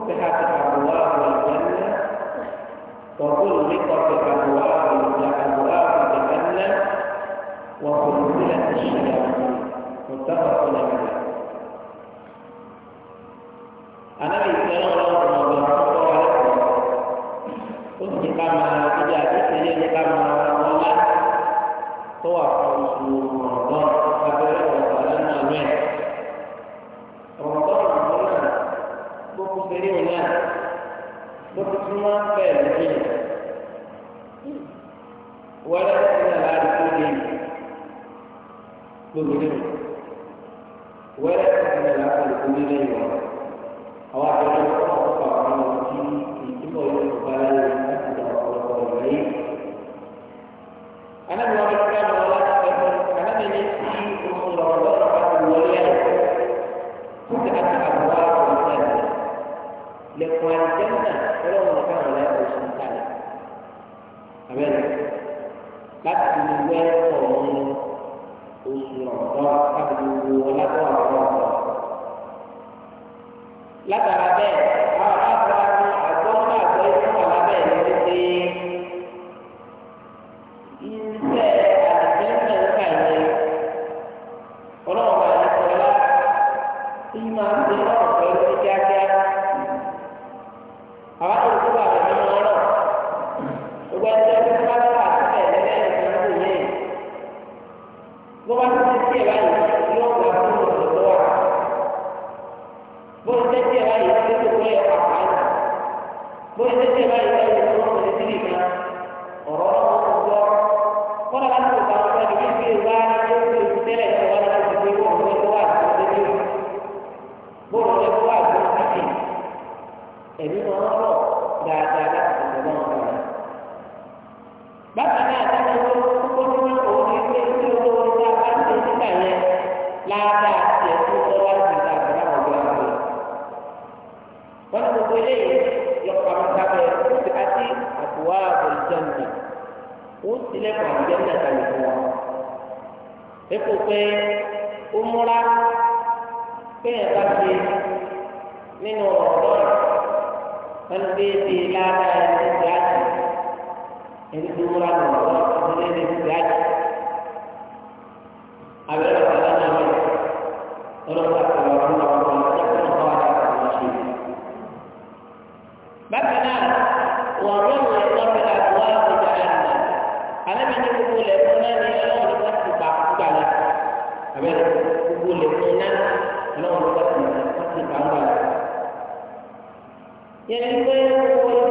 فتحت أبواب الجنة وغلقت أبواب أبواب جهنم وخلدت الشياطين متفق عليه أنا بإسلام الله رمضان Terus kita menjadi, jadi kita mengelola Tuhan Rasulullah bó ti súnmọ́ bẹ́ẹ̀ lórí yẹn wọlé ẹ̀sìn náà láti tó dé yìí lóbi lóbi wọlé ẹ̀sìn náà láti tó dé lóbi wọn àwọn àgbẹ̀dẹ ọ̀pọ̀ àwọn ọmọ tí ìdíbò yóò bá láyé. láti fi wẹ́ ọ̀run oṣù ọ̀dọ́ láti fi wo ọlọ́dọ̀ ọ̀rọ̀ ọ̀rọ̀ látara bẹ́ẹ̀ á ẹ̀mí máa ń rọ̀ dáadáa láti ọ̀dọ̀ náà gbà. Bákan náà dáná tó kókó tí wọ́n kọ́ ní ilé tí ó lówó ní bá ń ṣe nígbà yẹn láàdáa ti ẹ̀ tó tọ́ láti ìta àgbà náà wọ́n gbà wọ́n. Wọ́n ní gbogbo eléyìí lọ pamọ́ sábẹ́ àti àbúwá àbòlùjọ́nà. Wọ́n tilẹ̀kùn àbújọ́nà kalẹ̀ fún wọn. Eko pé ó múra bẹ́ẹ̀ bá ṣe nínú ọ̀rọ̀ wọ́n ti ti lára ẹni ti àjẹ́ ẹni tí wúra lọ lọ́wọ́ ọdún ẹni ti àjẹ́ abẹ́rẹ́ ọ̀sán náà náà wọ́n ọlọ́pàá ti lọ fún ọmọ ọmọ ọjọ́ tó wà láti ọmọ ṣe. bákan náà wọ́n rọ́ ìwé ẹ̀kọ́ fẹ́ láti wá ìgbà àná alẹ́bí ní gbogbo ilẹ̀ fún náà ní ọlọ́run ní wọ́n ti gbà gbà náà abẹ́rẹ́ gbogbo ilẹ̀ fún náà ọlọ́run ní wọ́n ti gbà gbà náà. yẹn pé owó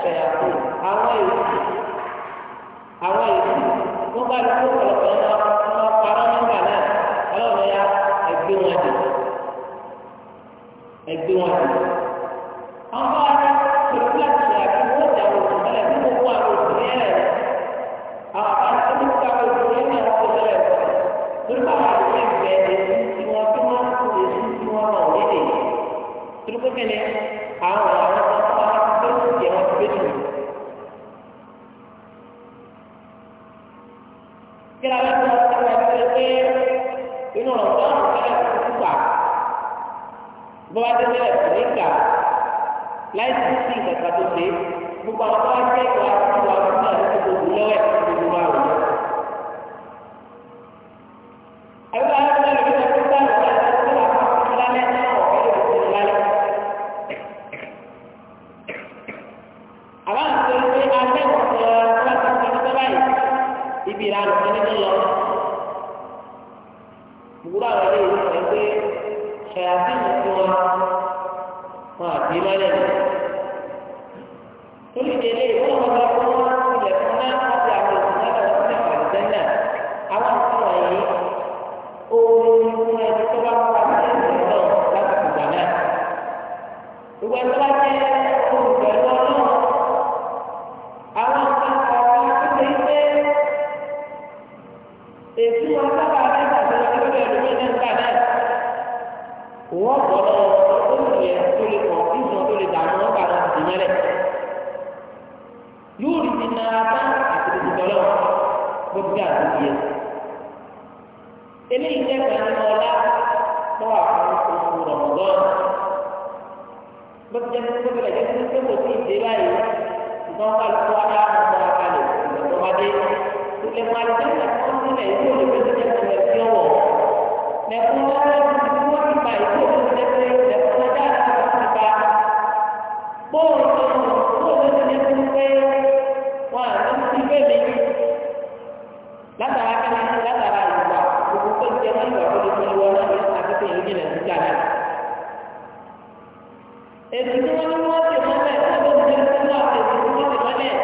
ṣe àwọn èyí àwọn èyí wọ́n bá lè kó ọ̀pọ̀lọpọ̀ yẹn náà wọ́n parọ́ nígbà náà ọlọ́run ya ẹgbẹ́ wọn dì ẹgbẹ́ wọn dì. àwọn bá wọn kò tí a ṣe àbí wọ́n jà wọ́n kò tẹ́lẹ̀ bí gbogbo àwọn òṣèlú yẹn rẹ̀ àwọn bá wọn kò tí a kò tó yẹn náà wọ́n kò tẹ́lẹ̀ lórí bá wọn àwọn ẹgbẹ́ èyí tí wọ́n tó máa kó èyí tí wọ́n náà wọ́n lè yẹ. torí pé kẹ́lẹ́ jẹ́ pé inú ọ̀rọ̀ tó àwọn ọ̀rẹ́ àti púpà bó bá dé bẹ́ẹ̀ kò ní gbà láì sí sí ìgbàgbà tó ṣe gbogbo àwọn tó wá jẹ́ ìwà àti ìwà àti ìwà àti ìwà àti ìwà àti ìwà àti ìwà àti ìwà ìwúrọ̀ àwọn ilé ìwé sọ pé ṣàyàtì nìkan wọn àbí lálẹ́ torí ìdílé ìwọ́n wọn bá fún wọn ilẹ̀ fún náà. wọ́n bọ̀ lọ́wọ́ olùkọ́ yẹn tó lè kọ̀ kí ìmọ̀ tó lè dààmú wọn bàrà ti mẹ́lẹ̀. yóò rí ti náà bá àti ti dọ́lọ́ bó ti dà lórí yẹn. eléyìí jẹ́ pẹ̀lú ọlá tó wà fún oṣù rọ̀mọ̀dọ́n. bó ti jẹ́ pé kó tilẹ̀ jẹ́ pé kó bóòlù bóòlù ti ní fún pé wọn àti ń ti bẹ́ẹ̀ mi látara kẹ́lá ní látara ìgbà gbogbo tó ti jẹ́ wọn ìwà tó lè fi wọ náà ní àtúntò yìí nílẹ̀ níjà náà. èsì tí wọ́n ní wọ́n ti mọ́ bẹ́ẹ̀ tó lè fi fún wọn èsì tí wọ́n ti mọ́ bẹ́ẹ̀.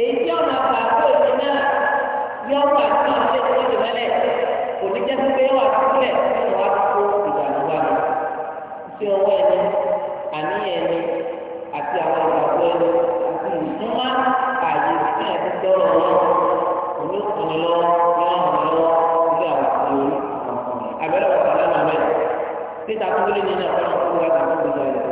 èyí tí ọ̀nà àgbàdo èmi náà yọ wà tí wọ́n ti mọ́ bẹ́ẹ̀ kò ní jẹ́ pé wà sílẹ̀ wọ́n wá kú títà tó lé nínú ẹ̀kọ́ náà fún wa kàkó gbogbo ẹ̀